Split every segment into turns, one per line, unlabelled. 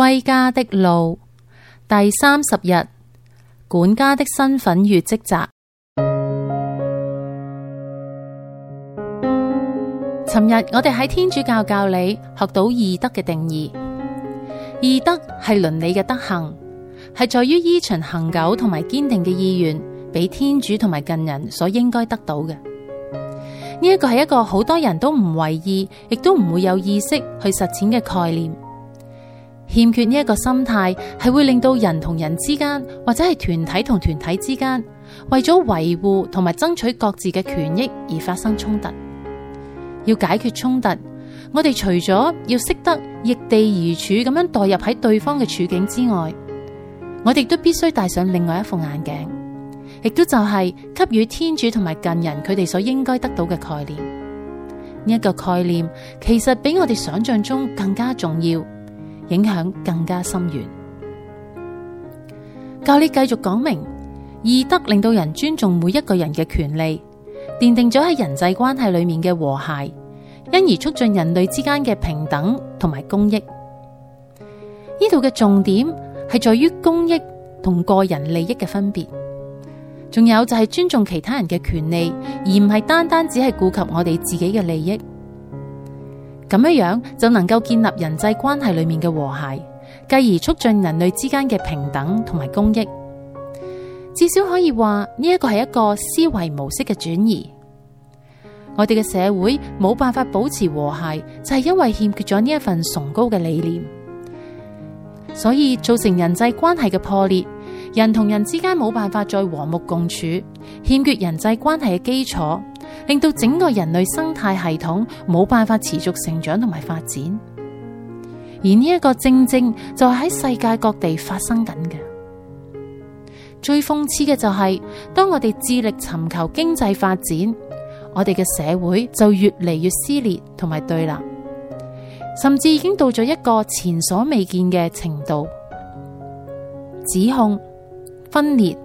歸家的路，第三十日，管家的身份與職責。尋日我哋喺天主教教理學到義德嘅定義。義德係倫理嘅德行，係在於依循恒久同埋堅定嘅意願，俾天主同埋近人所應該得到嘅。呢一個係一個好多人都唔為意，亦都唔會有意識去實踐嘅概念。欠缺呢一個心態，係會令到人同人之間，或者係團體同團體之間，為咗維護同埋爭取各自嘅權益而發生衝突。要解決衝突，我哋除咗要識得易地而處咁樣代入喺對方嘅處境之外，我哋都必須戴上另外一副眼鏡，亦都就係給予天主同埋近人佢哋所應該得到嘅概念。呢一個概念其實比我哋想象中更加重要。影響更加深遠。教理繼續講明，義德令到人尊重每一個人嘅權利，奠定咗喺人際關係裏面嘅和諧，因而促進人類之間嘅平等同埋公益。呢度嘅重點係在於公益同個人利益嘅分別，仲有就係尊重其他人嘅權利，而唔係單單只係顧及我哋自己嘅利益。咁樣樣就能夠建立人際關係裏面嘅和諧，繼而促進人類之間嘅平等同埋公益。至少可以話呢一個係一個思維模式嘅轉移。我哋嘅社會冇辦法保持和諧，就係因為欠缺咗呢一份崇高嘅理念，所以造成人際關係嘅破裂，人同人之間冇辦法再和睦共處，欠缺人際關係嘅基礎。令到整個人類生態系統冇辦法持續成長同埋發展，而呢一個正正就係喺世界各地發生緊嘅。最諷刺嘅就係，當我哋致力尋求經濟發展，我哋嘅社會就越嚟越撕裂同埋對立，甚至已經到咗一個前所未見嘅程度，指控、分裂、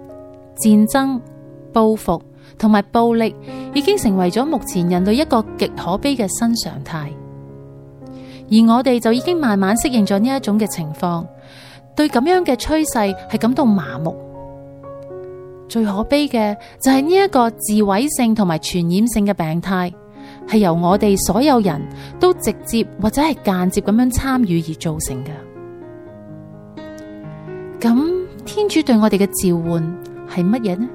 戰爭、報復。同埋暴力已經成為咗目前人類一個極可悲嘅新常態，而我哋就已經慢慢適應咗呢一種嘅情況，對咁樣嘅趨勢係感到麻木。最可悲嘅就係呢一個自毀性同埋傳染性嘅病態，係由我哋所有人都直接或者係間接咁樣參與而造成嘅。咁天主對我哋嘅召喚係乜嘢呢？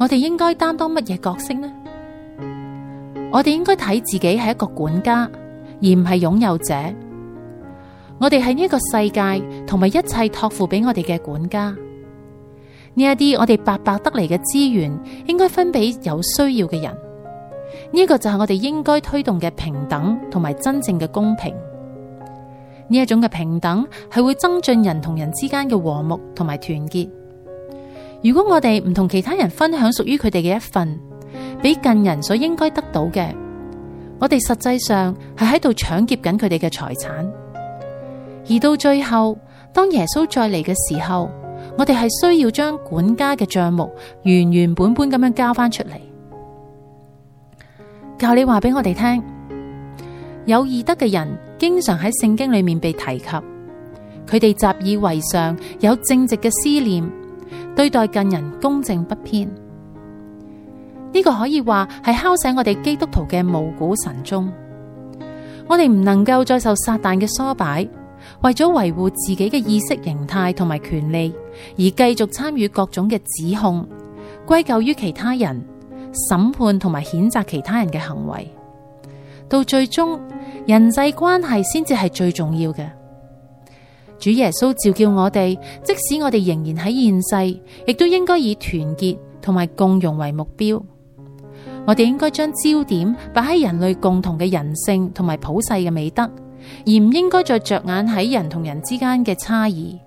我哋應該擔當乜嘢角色呢？我哋應該睇自己係一個管家，而唔係擁有者。我哋係呢個世界同埋一切託付俾我哋嘅管家。呢一啲我哋白白得嚟嘅資源，應該分俾有需要嘅人。呢個就係我哋應該推動嘅平等同埋真正嘅公平。呢一種嘅平等係會增進人同人之間嘅和睦同埋團結。如果我哋唔同其他人分享屬於佢哋嘅一份，俾近人所應該得到嘅，我哋實際上係喺度搶劫緊佢哋嘅財產。而到最後，當耶穌再嚟嘅時候，我哋係需要將管家嘅賬目原原本本咁樣交返出嚟。教你話俾我哋聽，有義德嘅人經常喺聖經裏面被提及，佢哋習以為常，有正直嘅思念。對待近人公正不偏，呢、這個可以話係敲醒我哋基督徒嘅暮鼓晨鐘。我哋唔能夠再受撒旦嘅唆擺，為咗維護自己嘅意識形態同埋權利，而繼續參與各種嘅指控、歸咎於其他人、審判同埋譴責其他人嘅行為，到最終人際關係先至係最重要嘅。主耶穌召叫我哋，即使我哋仍然喺現世，亦都應該以團結同埋共融為目標。我哋應該將焦點擺喺人類共同嘅人性同埋普世嘅美德，而唔應該再着眼喺人同人之間嘅差異。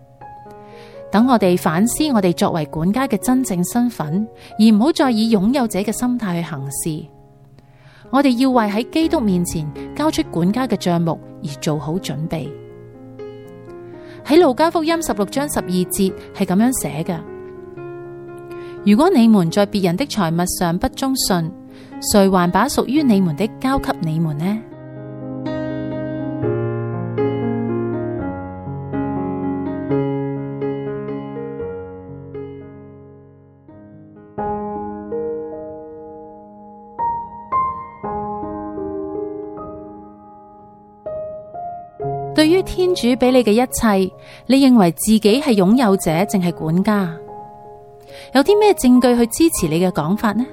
等我哋反思我哋作為管家嘅真正身份，而唔好再以擁有者嘅心態去行事。我哋要為喺基督面前交出管家嘅賬目而做好準備。喺路加福音十六章十二節係咁樣寫嘅：「如果你們在別人的財物上不忠信，誰還把屬於你們的交給你們呢？」對於天主俾你嘅一切，你認為自己係擁有者，定係管家，有啲咩證據去支持你嘅講法呢？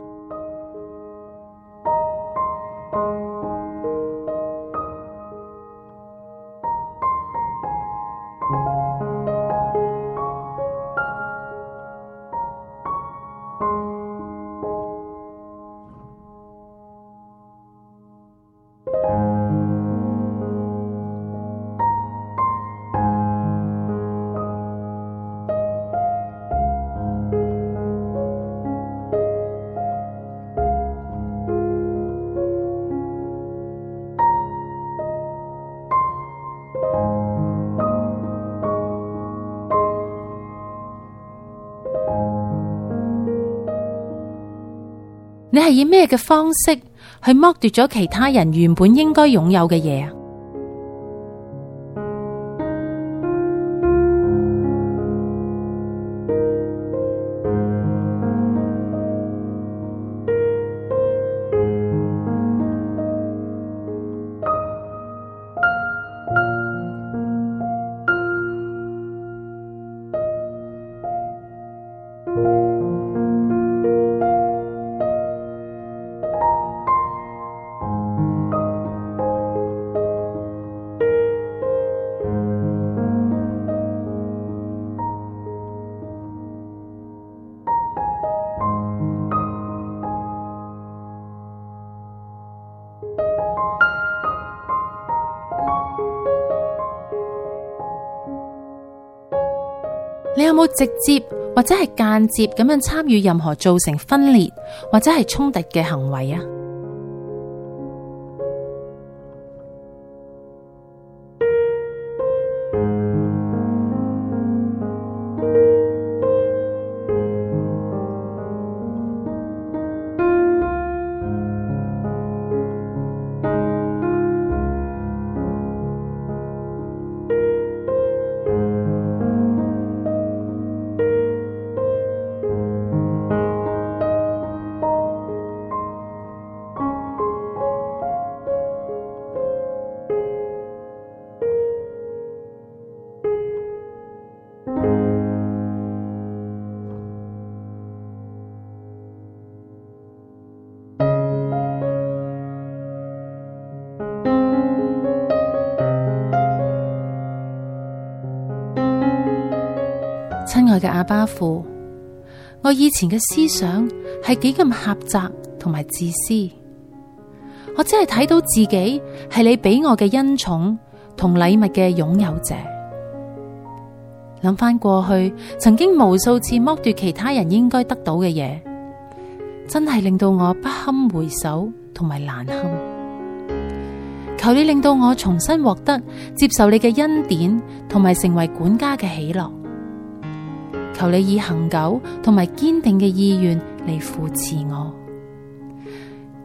你係以咩嘅方式去剝奪咗其他人原本應該擁有嘅嘢啊？有冇直接或者係間接咁樣參與任何造成分裂或者係衝突嘅行為啊？親愛嘅阿爸父，我以前嘅思想係幾咁狹窄同埋自私。我只係睇到自己係你俾我嘅恩寵同禮物嘅擁有者。諗返過去，曾經無數次剝奪其他人應該得到嘅嘢，真係令到我不堪回首同埋難堪。求你令到我重新獲得接受你嘅恩典，同埋成為管家嘅喜樂。求你以恒久同埋堅定嘅意願嚟扶持我，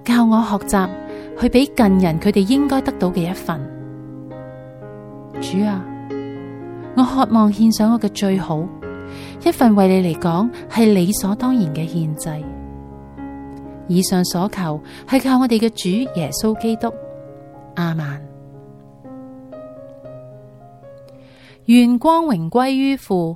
教我學習去俾近人佢哋應該得到嘅一份。主啊，我渴望獻上我嘅最好一份，為你嚟講係理所當然嘅獻祭。以上所求係靠我哋嘅主耶穌基督。亞孟，願光榮歸於父。